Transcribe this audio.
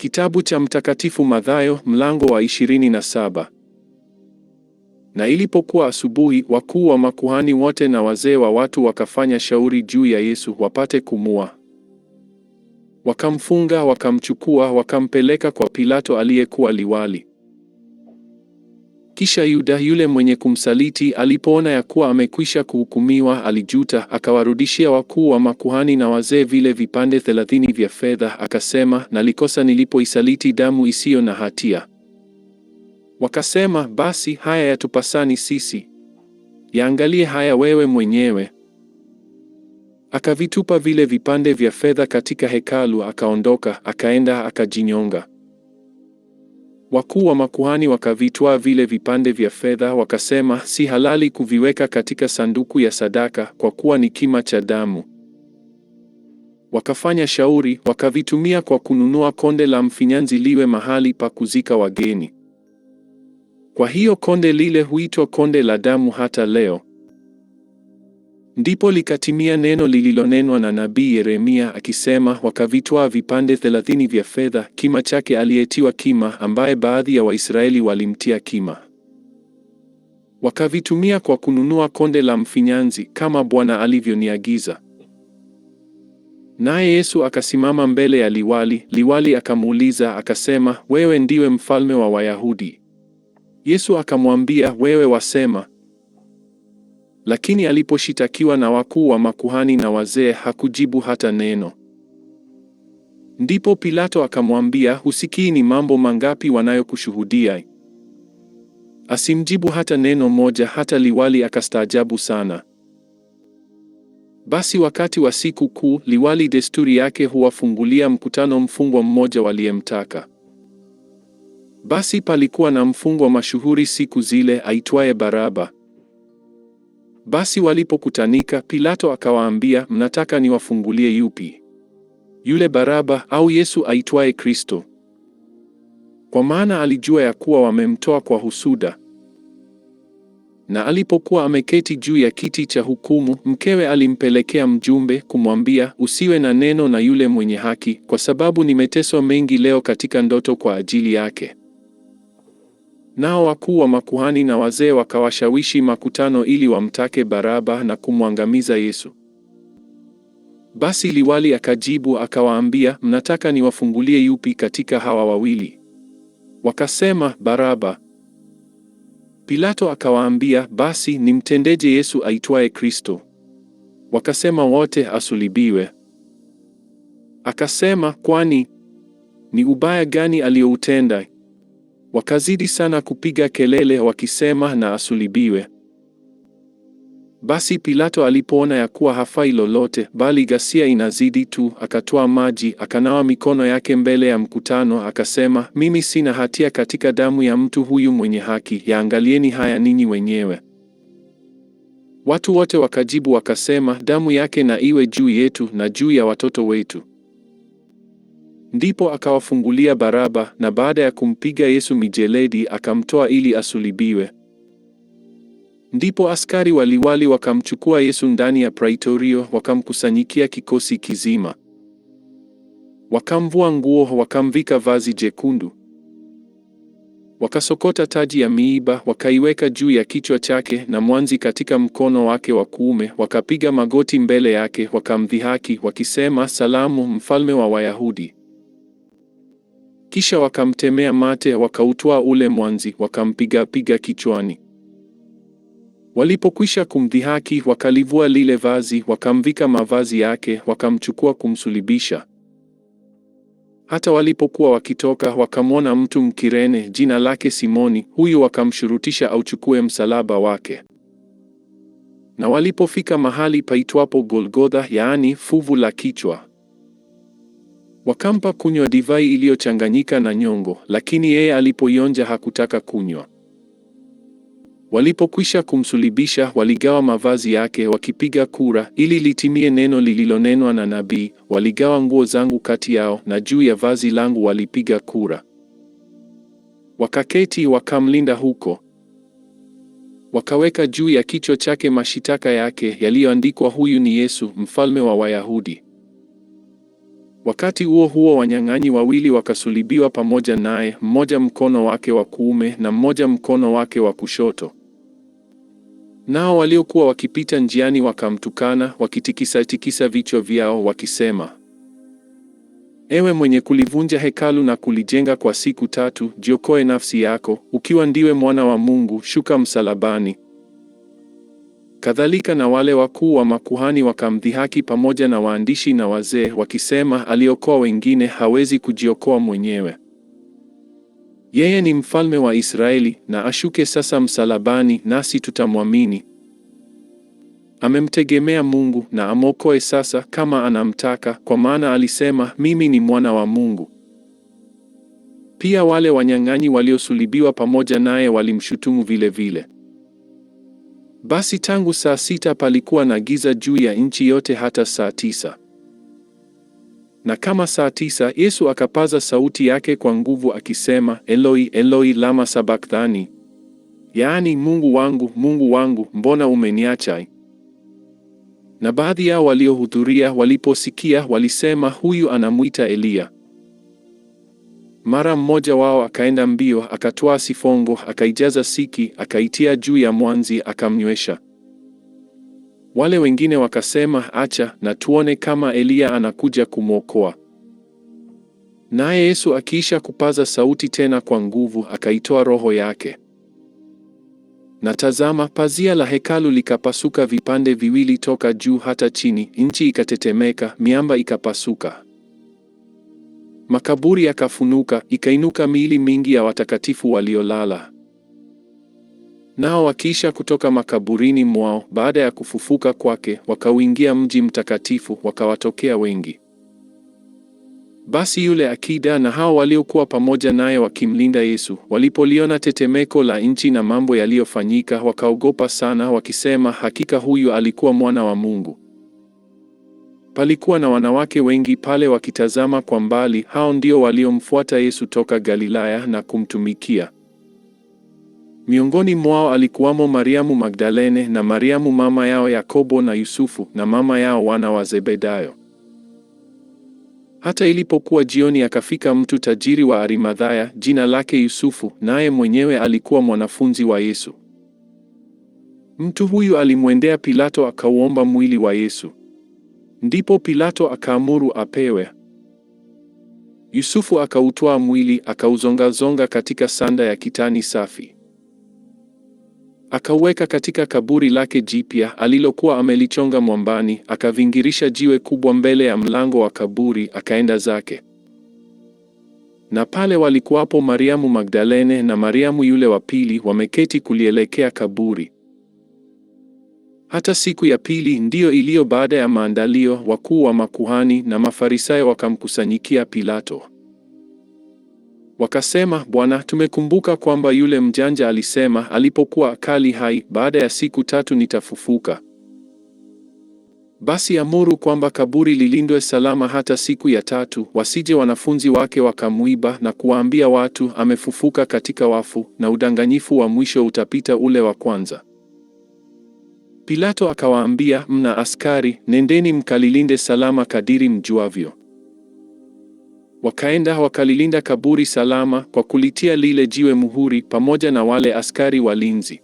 Kitabu cha Mtakatifu Mathayo mlango wa 27. Na ilipokuwa asubuhi, wakuu wa makuhani wote na wazee wa watu wakafanya shauri juu ya Yesu wapate kumua. Wakamfunga, wakamchukua, wakampeleka kwa Pilato aliyekuwa liwali. Kisha Yuda yule mwenye kumsaliti alipoona ya kuwa amekwisha kuhukumiwa, alijuta, akawarudishia wakuu wa makuhani na wazee vile vipande thelathini vya fedha, akasema, nalikosa nilipoisaliti damu isiyo na hatia. Wakasema, basi haya yatupasani sisi, yaangalie haya wewe mwenyewe. Akavitupa vile vipande vya fedha katika hekalu, akaondoka, akaenda akajinyonga. Wakuu wa makuhani wakavitwaa vile vipande vya fedha, wakasema, si halali kuviweka katika sanduku ya sadaka, kwa kuwa ni kima cha damu. Wakafanya shauri, wakavitumia kwa kununua konde la mfinyanzi liwe mahali pa kuzika wageni. Kwa hiyo konde lile huitwa konde la damu hata leo. Ndipo likatimia neno lililonenwa na nabii Yeremia akisema, wakavitwaa vipande thelathini vya fedha, kima chake aliyetiwa kima, ambaye baadhi ya Waisraeli walimtia kima, wakavitumia kwa kununua konde la mfinyanzi, kama Bwana alivyoniagiza. Naye Yesu akasimama mbele ya liwali. Liwali akamuuliza akasema, wewe ndiwe mfalme wa Wayahudi? Yesu akamwambia, wewe wasema. Lakini aliposhitakiwa na wakuu wa makuhani na wazee hakujibu hata neno. Ndipo Pilato akamwambia, husikii ni mambo mangapi wanayokushuhudia? Asimjibu hata neno moja. Hata liwali akastaajabu sana. Basi wakati wa siku kuu, liwali desturi yake huwafungulia mkutano mfungwa mmoja waliyemtaka. Basi palikuwa na mfungwa mashuhuri siku zile aitwaye Baraba. Basi walipokutanika, Pilato akawaambia, mnataka niwafungulie yupi? Yule Baraba au Yesu aitwaye Kristo? Kwa maana alijua ya kuwa wamemtoa kwa husuda. Na alipokuwa ameketi juu ya kiti cha hukumu, mkewe alimpelekea mjumbe kumwambia, usiwe na neno na yule mwenye haki, kwa sababu nimeteswa mengi leo katika ndoto kwa ajili yake. Nao wakuu wa makuhani na wazee wakawashawishi makutano ili wamtake Baraba na kumwangamiza Yesu. Basi liwali akajibu akawaambia, mnataka niwafungulie yupi katika hawa wawili? Wakasema, Baraba. Pilato akawaambia, basi nimtendeje Yesu aitwaye Kristo? Wakasema wote, asulibiwe. Akasema, kwani ni ubaya gani aliyoutenda? Wakazidi sana kupiga kelele wakisema, na asulibiwe Basi Pilato alipoona ya kuwa hafai lolote, bali ghasia inazidi tu, akatoa maji akanawa mikono yake mbele ya mkutano, akasema, mimi sina hatia katika damu ya mtu huyu mwenye haki, yaangalieni haya ninyi wenyewe. Watu wote wakajibu wakasema, damu yake na iwe juu yetu na juu ya watoto wetu. Ndipo akawafungulia Baraba, na baada ya kumpiga Yesu mijeledi akamtoa ili asulibiwe. Ndipo askari waliwali wakamchukua Yesu ndani ya praitorio, wakamkusanyikia kikosi kizima, wakamvua nguo, wakamvika vazi jekundu, wakasokota taji ya miiba, wakaiweka juu ya kichwa chake na mwanzi katika mkono wake wa kuume, wakapiga magoti mbele yake, wakamdhihaki wakisema, Salamu, mfalme wa Wayahudi. Kisha wakamtemea mate, wakautwaa ule mwanzi, wakampigapiga kichwani. Walipokwisha kumdhihaki, wakalivua lile vazi, wakamvika mavazi yake, wakamchukua kumsulibisha. Hata walipokuwa wakitoka, wakamwona mtu Mkirene jina lake Simoni, huyu wakamshurutisha auchukue msalaba wake. Na walipofika mahali paitwapo Golgotha, yaani fuvu la kichwa Wakampa kunywa divai iliyochanganyika na nyongo, lakini yeye alipoionja hakutaka kunywa. Walipokwisha kumsulibisha, waligawa mavazi yake wakipiga kura, ili litimie neno lililonenwa na nabii, waligawa nguo zangu kati yao, na juu ya vazi langu walipiga kura. Wakaketi wakamlinda huko. Wakaweka juu ya kichwa chake mashitaka yake yaliyoandikwa, huyu ni Yesu, mfalme wa Wayahudi. Wakati huo huo, wanyang'anyi wawili wakasulibiwa pamoja naye, mmoja mkono wake wa kuume na mmoja mkono wake wa kushoto. Nao waliokuwa wakipita njiani wakamtukana, wakitikisa-tikisa vichwa vyao wakisema, Ewe mwenye kulivunja hekalu na kulijenga kwa siku tatu, jiokoe nafsi yako, ukiwa ndiwe mwana wa Mungu, shuka msalabani. Kadhalika na wale wakuu wa makuhani wakamdhihaki pamoja na waandishi na wazee, wakisema, aliokoa wengine, hawezi kujiokoa mwenyewe. Yeye ni mfalme wa Israeli, na ashuke sasa msalabani, nasi tutamwamini. Amemtegemea Mungu na amwokoe sasa, kama anamtaka, kwa maana alisema, mimi ni mwana wa Mungu. Pia wale wanyang'anyi waliosulibiwa pamoja naye walimshutumu vilevile. Basi tangu saa sita palikuwa na giza juu ya nchi yote hata saa tisa. Na kama saa tisa Yesu akapaza sauti yake kwa nguvu akisema, Eloi, Eloi lama sabakthani, yaani Mungu wangu, Mungu wangu, mbona umeniacha? Na baadhi yao waliohudhuria waliposikia walisema, huyu anamwita Eliya. Mara mmoja wao akaenda mbio, akatwaa sifongo, akaijaza siki, akaitia juu ya mwanzi, akamnywesha. Wale wengine wakasema, acha na tuone kama Eliya anakuja kumwokoa. Naye Yesu akiisha kupaza sauti tena kwa nguvu, akaitoa roho yake. Na tazama, pazia la hekalu likapasuka vipande viwili toka juu hata chini, nchi ikatetemeka, miamba ikapasuka. Makaburi yakafunuka, ikainuka miili mingi ya watakatifu waliolala. Nao wakiisha kutoka makaburini mwao baada ya kufufuka kwake, wakauingia mji mtakatifu, wakawatokea wengi. Basi yule akida na hao waliokuwa pamoja naye wakimlinda Yesu, walipoliona tetemeko la nchi na mambo yaliyofanyika, wakaogopa sana, wakisema, hakika huyu alikuwa mwana wa Mungu. Palikuwa na wanawake wengi pale wakitazama kwa mbali. Hao ndio waliomfuata Yesu toka Galilaya na kumtumikia. Miongoni mwao alikuwamo Mariamu Magdalene na Mariamu mama yao Yakobo na Yusufu na mama yao wana wa Zebedayo. Hata ilipokuwa jioni, akafika mtu tajiri wa Arimadhaya jina lake Yusufu, naye mwenyewe alikuwa mwanafunzi wa Yesu. Mtu huyu alimwendea Pilato akauomba mwili wa Yesu. Ndipo Pilato akaamuru apewe. Yusufu akautwaa mwili, akauzongazonga katika sanda ya kitani safi, akauweka katika kaburi lake jipya alilokuwa amelichonga mwambani, akavingirisha jiwe kubwa mbele ya mlango wa kaburi, akaenda zake. Na pale walikuwapo Mariamu Magdalene na Mariamu yule wa pili, wameketi kulielekea kaburi. Hata siku ya pili ndiyo iliyo baada ya maandalio, wakuu wa makuhani na Mafarisayo wakamkusanyikia Pilato. Wakasema, Bwana, tumekumbuka kwamba yule mjanja alisema alipokuwa akali hai, baada ya siku tatu nitafufuka. Basi amuru kwamba kaburi lilindwe salama hata siku ya tatu, wasije wanafunzi wake wakamwiba na kuwaambia watu, amefufuka katika wafu, na udanganyifu wa mwisho utapita ule wa kwanza. Pilato akawaambia, mna askari, nendeni mkalilinde salama kadiri mjuavyo. Wakaenda wakalilinda kaburi salama kwa kulitia lile jiwe muhuri pamoja na wale askari walinzi.